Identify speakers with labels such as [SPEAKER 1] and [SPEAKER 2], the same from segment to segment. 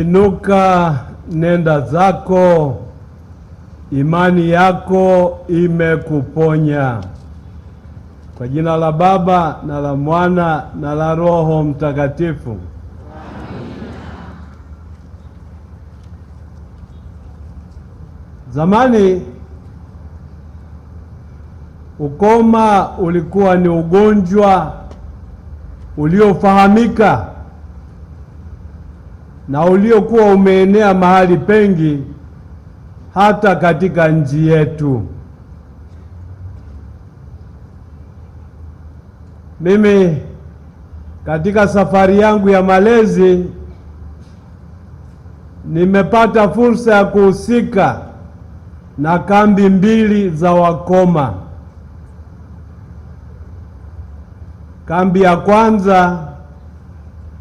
[SPEAKER 1] Inuka, nenda zako, imani yako imekuponya. Kwa jina la Baba na la Mwana na la Roho Mtakatifu. Zamani ukoma ulikuwa ni ugonjwa uliofahamika na uliokuwa umeenea mahali pengi hata katika nchi yetu. Mimi katika safari yangu ya malezi nimepata fursa ya kuhusika na kambi mbili za wakoma. Kambi ya kwanza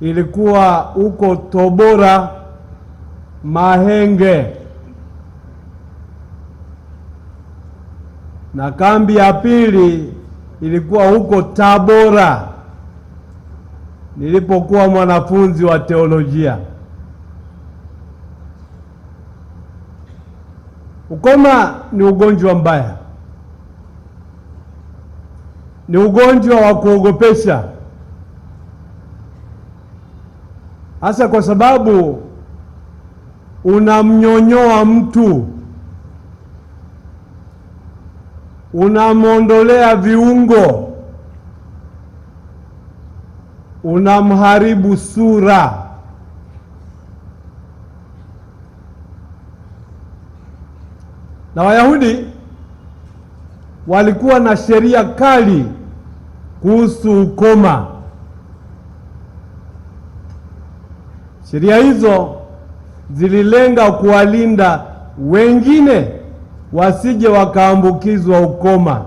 [SPEAKER 1] ilikuwa huko tobora Mahenge, na kambi ya pili ilikuwa huko Tabora nilipokuwa mwanafunzi wa teolojia. Ukoma ni ugonjwa mbaya, ni ugonjwa wa kuogopesha. hasa kwa sababu unamnyonyoa mtu, unamwondolea viungo, unamharibu sura. Na Wayahudi walikuwa na sheria kali kuhusu ukoma. Sheria hizo zililenga kuwalinda wengine wasije wakaambukizwa ukoma.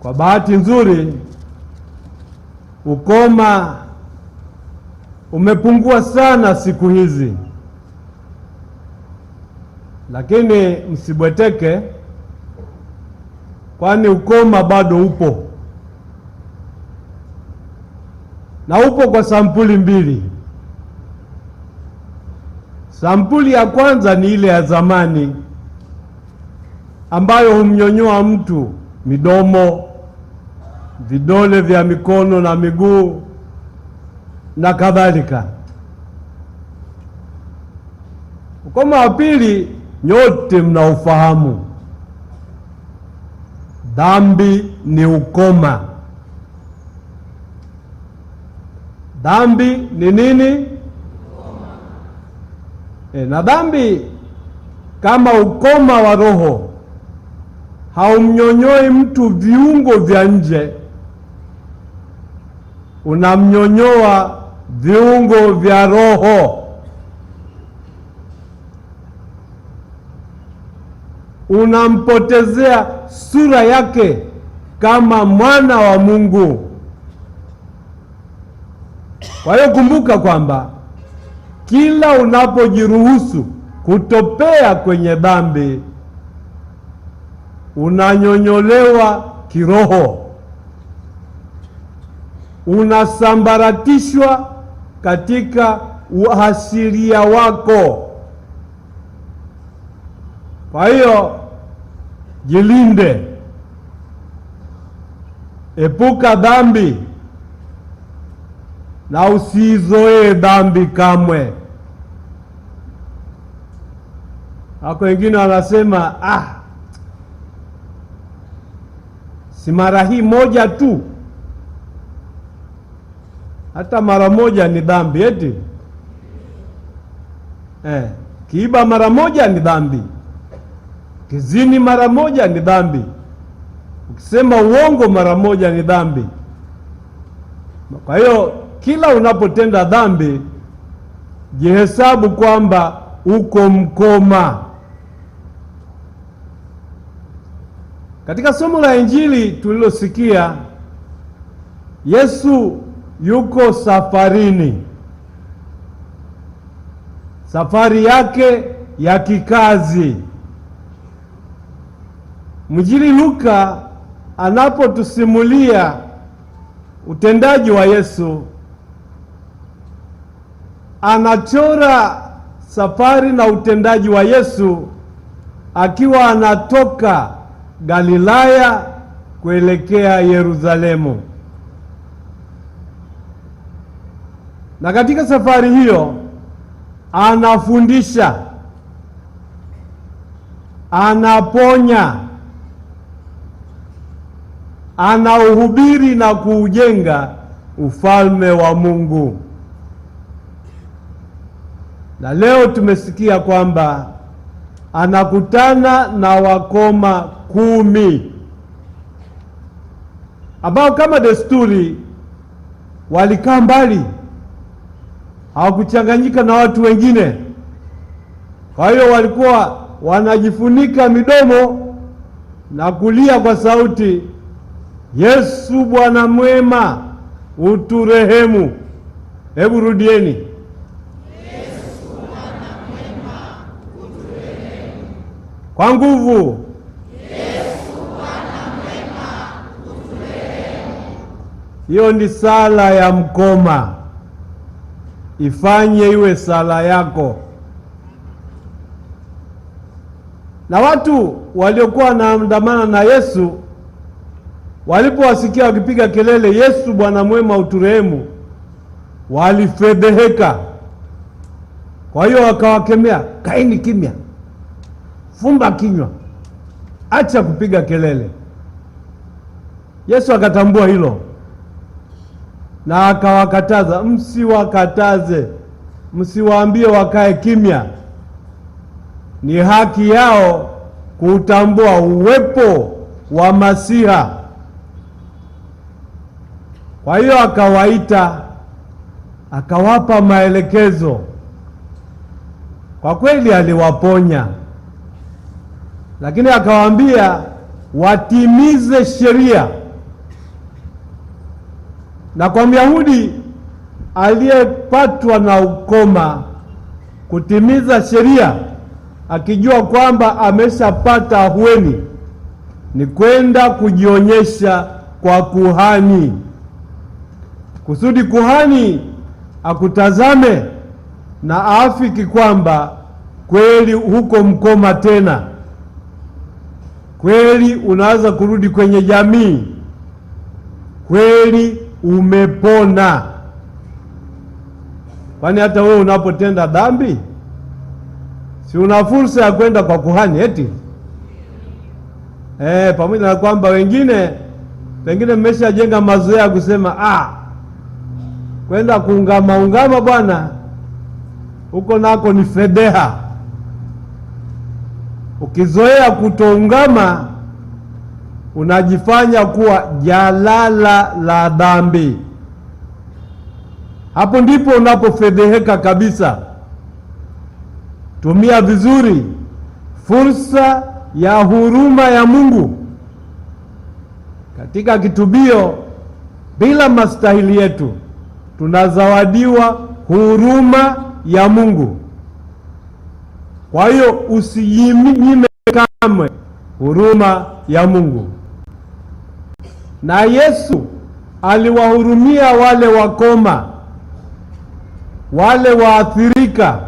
[SPEAKER 1] Kwa bahati nzuri, ukoma umepungua sana siku hizi, lakini msibweteke, kwani ukoma bado upo. na upo kwa sampuli mbili. Sampuli ya kwanza ni ile ya zamani ambayo humnyonyoa mtu midomo, vidole vya mikono na miguu na kadhalika. Ukoma wa pili nyote mnaufahamu, dhambi ni ukoma. Dhambi ni nini? E, na dhambi kama ukoma wa roho haumnyonyoi mtu viungo vya nje, unamnyonyoa viungo vya roho. Unampotezea sura yake kama mwana wa Mungu. Kwa hiyo kumbuka kwamba kila unapojiruhusu kutopea kwenye dhambi unanyonyolewa kiroho, unasambaratishwa katika uhasiria wako. Kwa hiyo jilinde, epuka dhambi na usizoe dhambi kamwe. Wako wengine wanasema ah, si mara hii moja tu, hata mara moja ni dhambi eti eh, kiiba mara moja ni dhambi, kizini mara moja ni dhambi, ukisema uongo mara moja ni dhambi. Kwa hiyo kila unapotenda dhambi, jihesabu kwamba uko mkoma. Katika somo la Injili tulilosikia, Yesu yuko safarini, safari yake ya kikazi. Mjili Luka anapotusimulia utendaji wa Yesu anachora safari na utendaji wa Yesu akiwa anatoka Galilaya kuelekea Yerusalemu. Na katika safari hiyo anafundisha, anaponya, anauhubiri na kuujenga ufalme wa Mungu na leo tumesikia kwamba anakutana na wakoma kumi ambao kama desturi walikaa mbali, hawakuchanganyika na watu wengine. Kwa hiyo walikuwa wanajifunika midomo na kulia kwa sauti, Yesu Bwana mwema uturehemu. Hebu rudieni. kwa nguvu. Yesu Hiyo ni sala ya mkoma, ifanye iwe sala yako. Na watu waliokuwa wanaandamana na Yesu walipowasikia wakipiga kelele, Yesu Bwana mwema, uturehemu, walifedheheka. Kwa hiyo wakawakemea, kaini kimya fumba kinywa, acha kupiga kelele. Yesu akatambua hilo na akawakataza, msiwakataze, msiwaambie wakae kimya. Ni haki yao kutambua uwepo wa Masiha. Kwa hiyo akawaita, akawapa maelekezo. Kwa kweli aliwaponya lakini akawaambia watimize sheria. Na kwa Myahudi aliyepatwa na ukoma kutimiza sheria akijua kwamba ameshapata ahueni ni kwenda kujionyesha kwa kuhani, kusudi kuhani akutazame na aafiki kwamba kweli huko mkoma tena kweli unaweza kurudi kwenye jamii, kweli umepona. Kwani hata wewe unapotenda dhambi, si una fursa ya kwenda kwa kuhani eti? E, pamoja na kwamba wengine pengine mmeshajenga mazoea ya kusema ah, kwenda kuungamaungama bwana, huko nako ni fedeha Ukizoea kutoungama unajifanya kuwa jalala la dhambi. Hapo ndipo unapofedheheka kabisa. Tumia vizuri fursa ya huruma ya Mungu katika kitubio. Bila mastahili yetu tunazawadiwa huruma ya Mungu. Kwa hiyo usijinyime kamwe huruma ya Mungu. Na Yesu aliwahurumia wale wakoma, wale waathirika,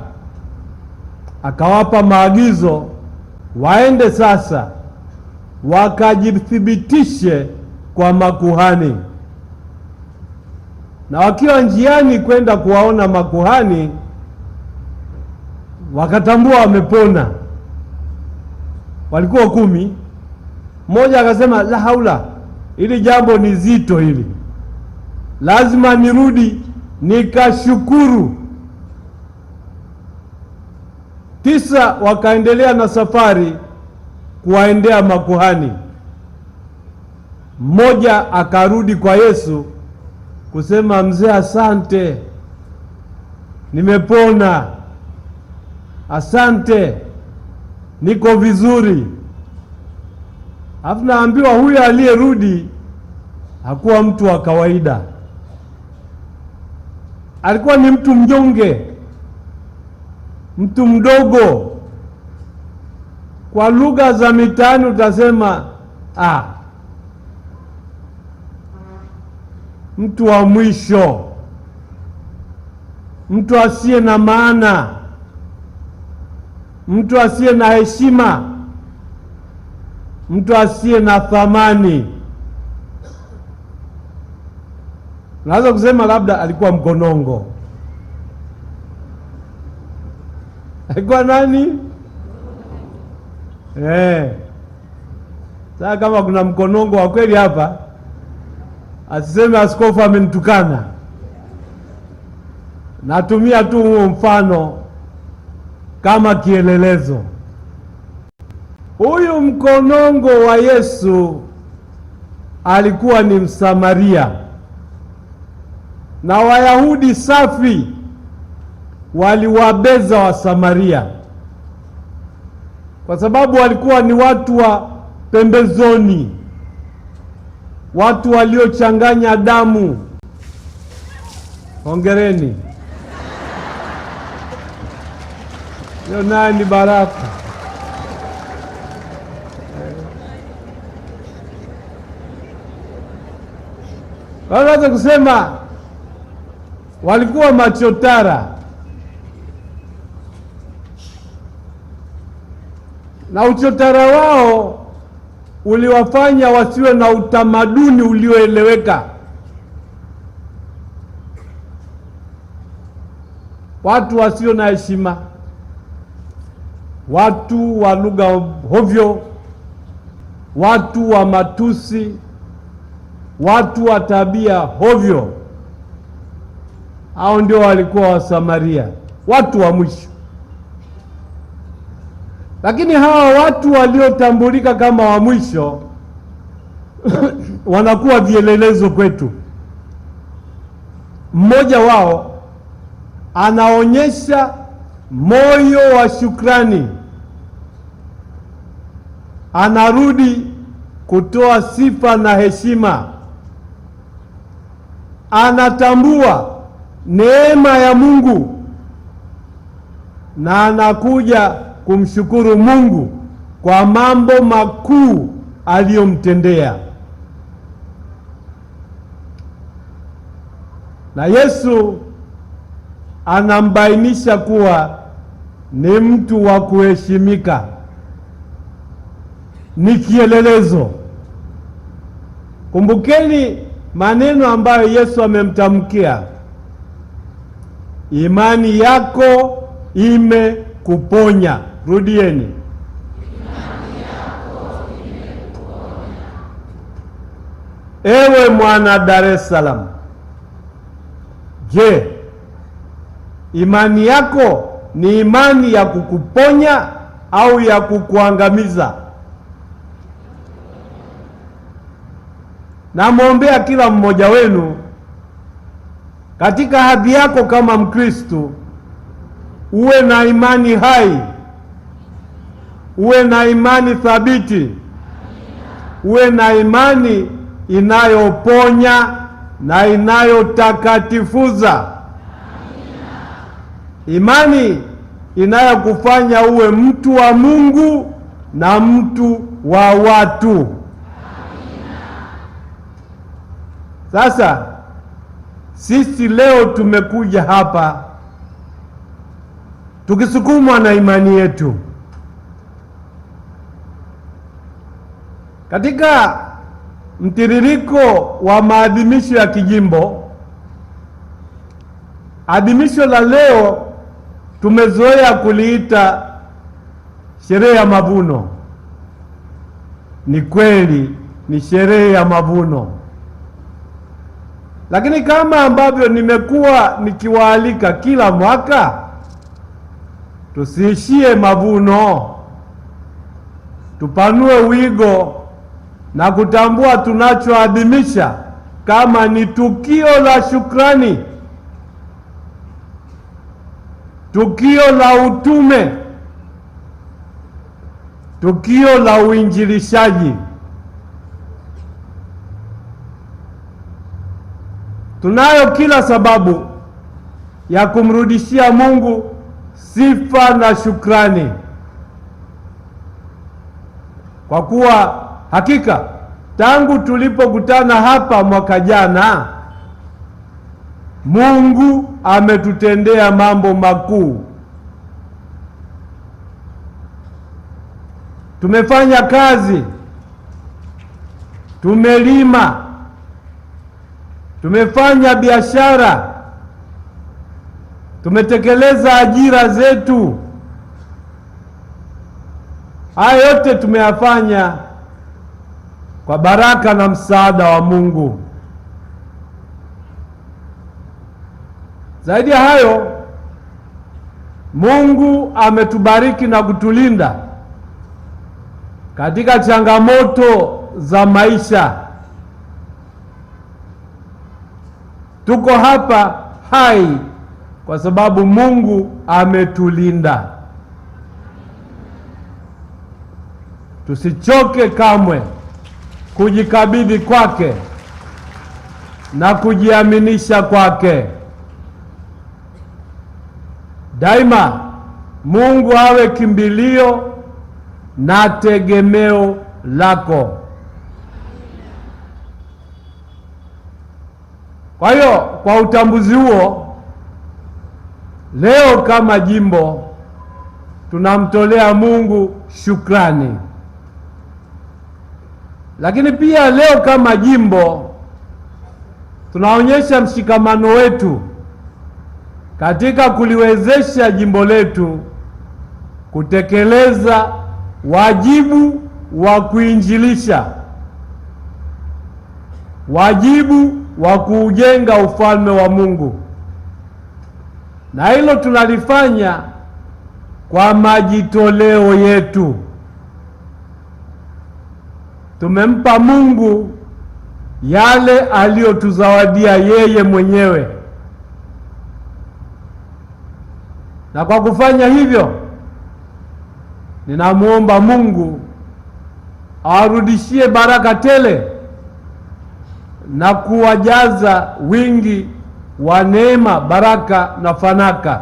[SPEAKER 1] akawapa maagizo waende sasa wakajithibitishe kwa makuhani, na wakiwa njiani kwenda kuwaona makuhani wakatambua wamepona, walikuwa kumi. Mmoja akasema la haula, hili jambo ni zito, hili lazima nirudi nikashukuru. Tisa wakaendelea na safari kuwaendea makuhani. Mmoja akarudi kwa Yesu kusema, mzee, asante, nimepona. Asante, niko vizuri. Halafu naambiwa huyo aliyerudi hakuwa mtu wa kawaida, alikuwa ni mtu mnyonge, mtu mdogo. Kwa lugha za mitaani utasema ah, mtu wa mwisho, mtu asiye na maana mtu asiye na heshima, mtu asiye na thamani. Naweza kusema labda alikuwa mkonongo. Alikuwa nani? Eh, sasa kama kuna mkonongo wa kweli hapa, asiseme askofu amenitukana. Natumia tu huo mfano kama kielelezo. Huyu mkonongo wa Yesu alikuwa ni Msamaria, na Wayahudi safi waliwabeza Wasamaria kwa sababu walikuwa ni watu wa pembezoni, watu waliochanganya damu. Hongereni. hiyo naye ni baraka. Wanaweza kusema walikuwa machotara na uchotara wao uliwafanya wasiwe na utamaduni ulioeleweka. Watu wasio na heshima watu wa lugha hovyo, watu wa matusi, watu wa tabia hovyo. Hao ndio walikuwa Wasamaria, watu wa mwisho. Lakini hawa watu waliotambulika kama wa mwisho wanakuwa vielelezo kwetu. Mmoja wao anaonyesha moyo wa shukrani anarudi kutoa sifa na heshima. Anatambua neema ya Mungu na anakuja kumshukuru Mungu kwa mambo makuu aliyomtendea. Na Yesu anambainisha kuwa ni mtu wa kuheshimika ni kielelezo. Kumbukeni maneno ambayo Yesu amemtamkia, imani yako imekuponya. Rudieni, Ewe mwana Dar es Salaam, je, imani yako ni imani ya kukuponya au ya kukuangamiza? Namwombea kila mmoja wenu katika hadhi yako kama Mkristo, uwe na imani hai, uwe na imani thabiti, uwe na imani inayoponya na inayotakatifuza, imani inayokufanya uwe mtu wa Mungu na mtu wa watu. Sasa sisi leo tumekuja hapa tukisukumwa na imani yetu katika mtiririko wa maadhimisho ya kijimbo. Adhimisho la leo tumezoea kuliita sherehe ya mavuno. Ni kweli ni sherehe ya mavuno, lakini kama ambavyo nimekuwa nikiwaalika kila mwaka, tusiishie mavuno, tupanue wigo na kutambua tunachoadhimisha kama ni tukio la shukrani, tukio la utume, tukio la uinjilishaji. Tunayo kila sababu ya kumrudishia Mungu sifa na shukrani kwa kuwa hakika tangu tulipokutana hapa mwaka jana, Mungu ametutendea mambo makuu. Tumefanya kazi, tumelima tumefanya biashara, tumetekeleza ajira zetu. Haya yote tumeyafanya kwa baraka na msaada wa Mungu. Zaidi ya hayo, Mungu ametubariki na kutulinda katika changamoto za maisha. Tuko hapa hai kwa sababu Mungu ametulinda. Tusichoke kamwe kujikabidhi kwake na kujiaminisha kwake. Daima Mungu awe kimbilio na tegemeo lako. Kwa hiyo kwa utambuzi huo, leo kama jimbo tunamtolea Mungu shukrani, lakini pia leo kama jimbo tunaonyesha mshikamano wetu katika kuliwezesha jimbo letu kutekeleza wajibu wa kuinjilisha, wajibu wa kuujenga ufalme wa Mungu, na hilo tunalifanya kwa majitoleo yetu. Tumempa Mungu yale aliyotuzawadia yeye mwenyewe, na kwa kufanya hivyo, ninamwomba Mungu awarudishie baraka tele na kuwajaza wingi wa neema, baraka na fanaka.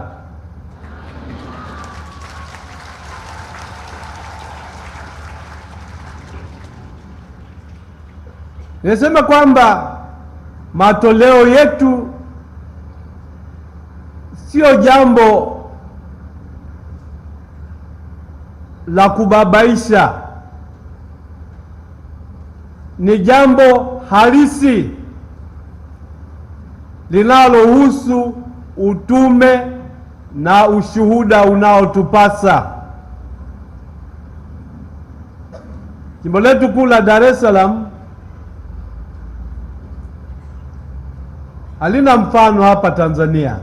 [SPEAKER 1] Nasema kwamba matoleo yetu sio jambo la kubabaisha ni jambo halisi linalohusu utume na ushuhuda unaotupasa. Jimbo letu kuu la Dar es Salaam halina mfano hapa Tanzania.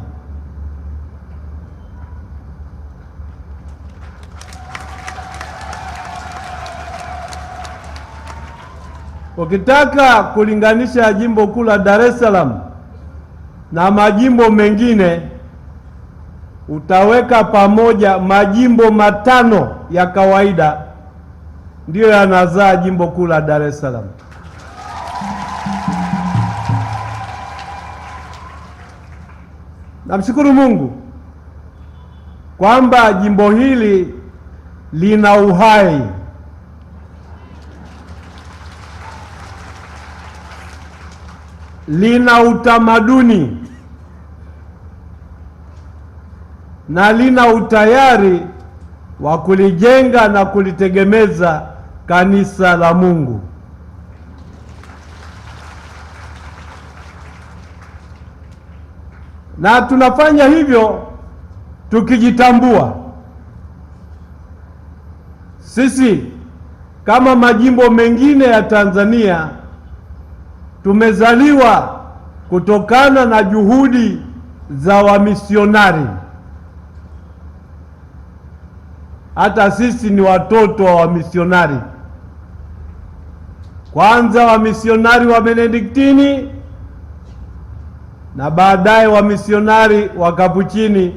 [SPEAKER 1] Ukitaka kulinganisha jimbo kuu la Dar es Salaam na majimbo mengine, utaweka pamoja majimbo matano ya kawaida, ndiyo yanazaa jimbo kuu la Dar es Salaam. Namshukuru Mungu kwamba jimbo hili lina uhai. lina utamaduni na lina utayari wa kulijenga na kulitegemeza kanisa la Mungu. Na tunafanya hivyo tukijitambua sisi kama majimbo mengine ya Tanzania tumezaliwa kutokana na juhudi za wamisionari. Hata sisi ni watoto wa wamisionari, kwanza wamisionari wa Benediktini na baadaye wamisionari wa Kapuchini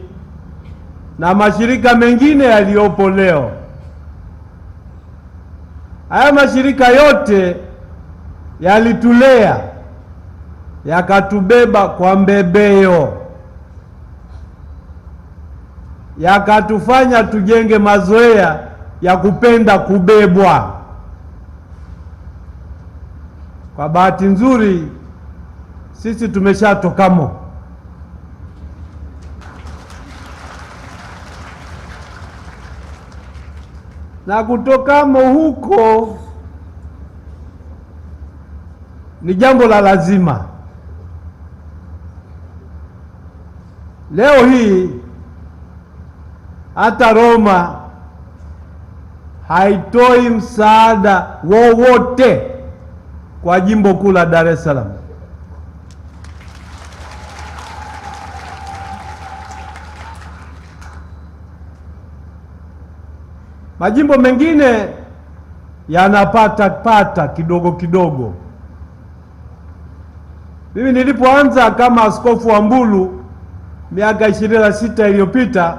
[SPEAKER 1] na mashirika mengine yaliyopo leo. Haya mashirika yote yalitulea yakatubeba kwa mbebeo, yakatufanya tujenge mazoea ya kupenda kubebwa. Kwa bahati nzuri, sisi tumeshatokamo. Na kutokamo huko ni jambo la lazima. Leo hii hata Roma haitoi msaada wowote kwa jimbo kuu la Dar es Salaam. Majimbo mengine yanapata pata kidogo kidogo. Mimi nilipoanza kama askofu wa Mbulu miaka ishirini na sita iliyopita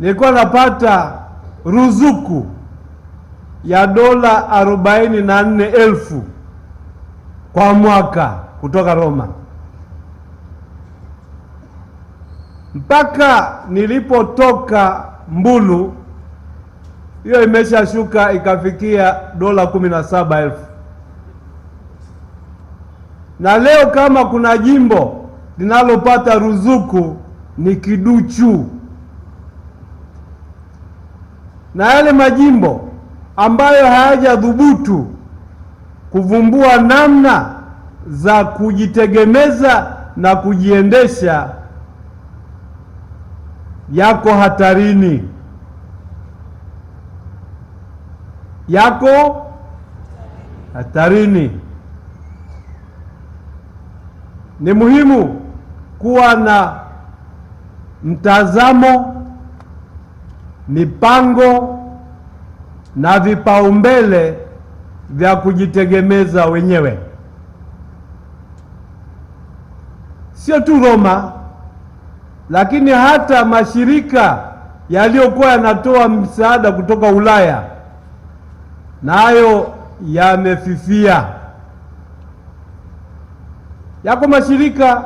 [SPEAKER 1] nilikuwa napata ruzuku ya dola arobaini na nne elfu kwa mwaka kutoka Roma mpaka nilipotoka Mbulu, hiyo imeshashuka ikafikia dola kumi na saba elfu. Na leo kama kuna jimbo linalopata ruzuku ni Kiduchu, na yale majimbo ambayo hayajadhubutu kuvumbua namna za kujitegemeza na kujiendesha yako hatarini, yako hatarini. Ni muhimu kuwa na mtazamo, mipango na vipaumbele vya kujitegemeza wenyewe. Sio tu Roma, lakini hata mashirika yaliyokuwa yanatoa msaada kutoka Ulaya nayo yamefifia. Yako mashirika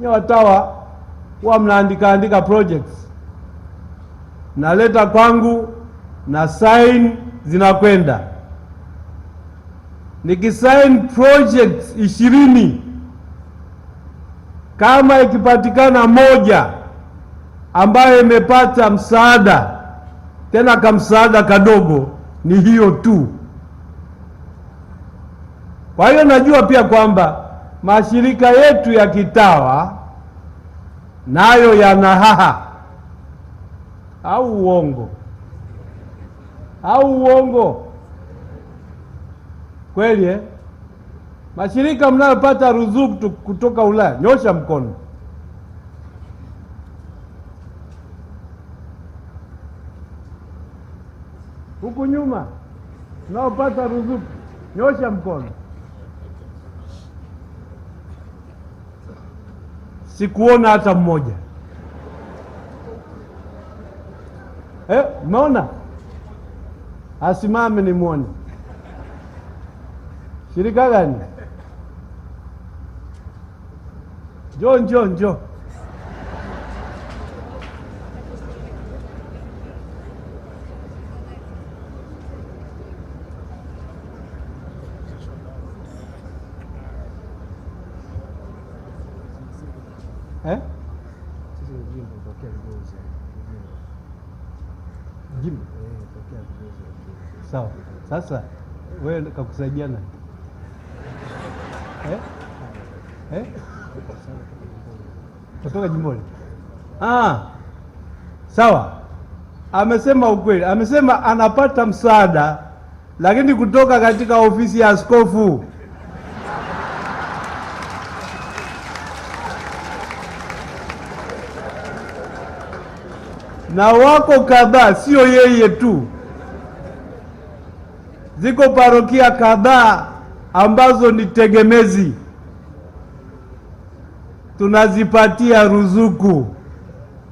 [SPEAKER 1] nye watawa huwa mnaandika andika projects, naleta kwangu na sign zinakwenda. Nikisign projects ishirini, kama ikipatikana moja ambayo imepata msaada tena kamsaada kadogo, ni hiyo tu. Kwa hiyo najua pia kwamba mashirika yetu ya kitawa nayo yana haha au uongo? Au uongo kweli eh? Mashirika mnayopata ruzuku kutoka Ulaya, nyosha mkono. Huku nyuma mnaopata ruzuku, nyosha mkono. sikuona hata mmoja eh, umeona? Asimame nimwone. Shirika gani? Njoo, njoo, njoo. sasa wewe kakusaidia eh? Eh? kutoka jimboni ah, sawa. Amesema ukweli, amesema anapata msaada lakini kutoka katika ofisi ya askofu. na wako kadhaa, sio yeye tu ziko parokia kadhaa ambazo ni tegemezi, tunazipatia ruzuku,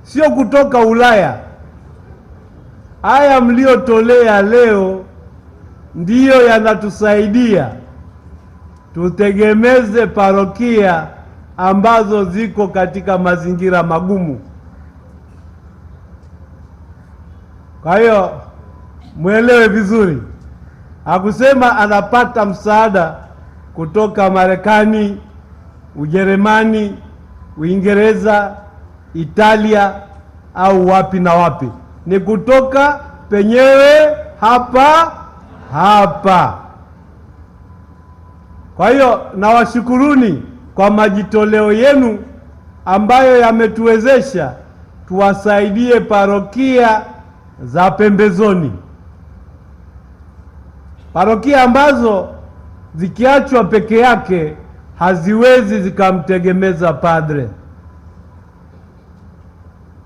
[SPEAKER 1] sio kutoka Ulaya. Haya mliotolea leo ndiyo yanatusaidia tutegemeze parokia ambazo ziko katika mazingira magumu. Kwa hiyo mwelewe vizuri. Hakusema anapata msaada kutoka Marekani, Ujerumani, Uingereza, Italia au wapi na wapi. Ni kutoka penyewe hapa hapa. Kwa hiyo nawashukuruni kwa majitoleo yenu ambayo yametuwezesha tuwasaidie parokia za pembezoni parokia ambazo zikiachwa peke yake haziwezi zikamtegemeza padre.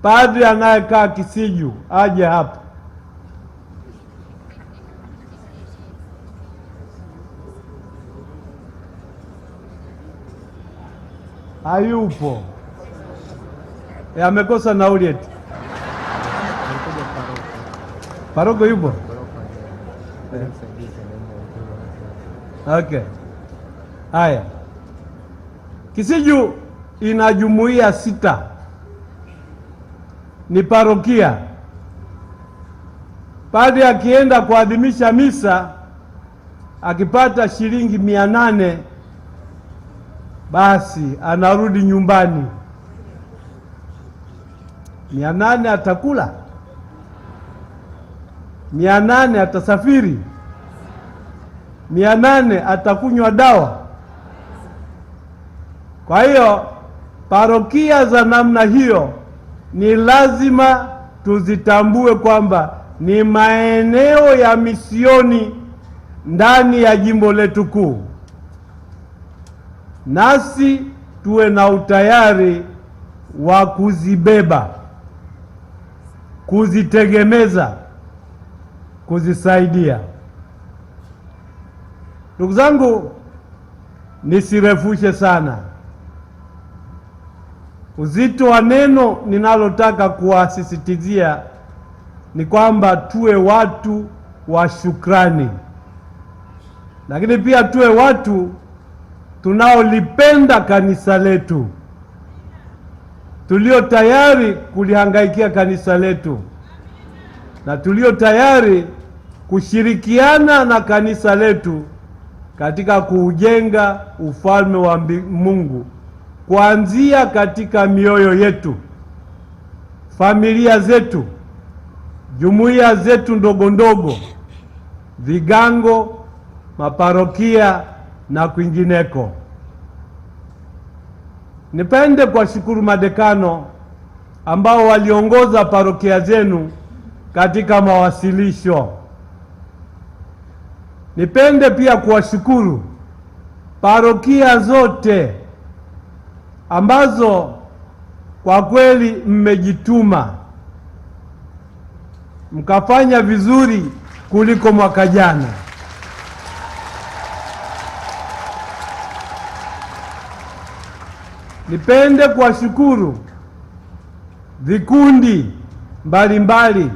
[SPEAKER 1] Padre anayekaa Kisiju aje hapa. Hayupo, eh, amekosa nauli eti. Paroko yupo. Okay. Haya, Kisiju ina jumuiya sita, ni parokia. Padri akienda kuadhimisha misa akipata shilingi mia nane basi anarudi nyumbani, mia nane atakula mia nane atasafiri, mia nane atakunywa dawa. Kwa hiyo parokia za namna hiyo ni lazima tuzitambue kwamba ni maeneo ya misioni ndani ya jimbo letu kuu, nasi tuwe na utayari wa kuzibeba, kuzitegemeza kuzisaidia. Ndugu zangu, nisirefushe sana. Uzito wa neno ninalotaka kuwasisitizia ni kwamba tuwe watu wa shukrani, lakini pia tuwe watu tunaolipenda kanisa letu, tulio tayari kulihangaikia kanisa letu na tulio tayari kushirikiana na kanisa letu katika kuujenga ufalme wa Mungu kuanzia katika mioyo yetu, familia zetu, jumuiya zetu ndogo ndogo, vigango, maparokia na kwingineko. Nipende kuwashukuru madekano ambao waliongoza parokia zenu katika mawasilisho. Nipende pia kuwashukuru parokia zote ambazo kwa kweli mmejituma mkafanya vizuri kuliko mwaka jana. Nipende kuwashukuru vikundi mbalimbali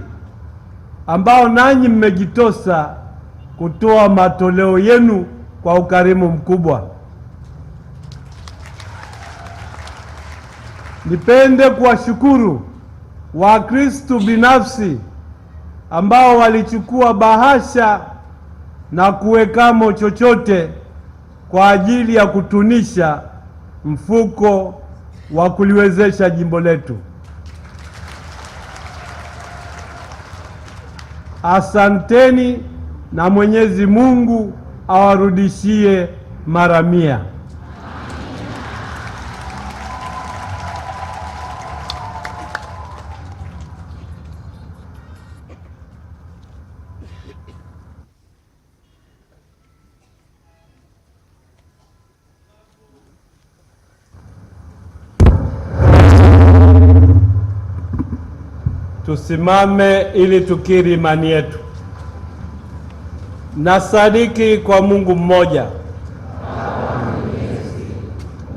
[SPEAKER 1] ambao nanyi mmejitosa kutoa matoleo yenu kwa ukarimu mkubwa. Nipende kuwashukuru Wakristo binafsi ambao walichukua bahasha na kuwekamo chochote kwa ajili ya kutunisha mfuko wa kuliwezesha jimbo letu. Asanteni na Mwenyezi Mungu awarudishie mara mia. tusimame ili tukiri imani yetu. Nasadiki kwa Mungu mmoja,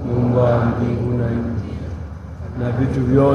[SPEAKER 2] Muumba wa mbingu na nchi
[SPEAKER 1] na vitu vyote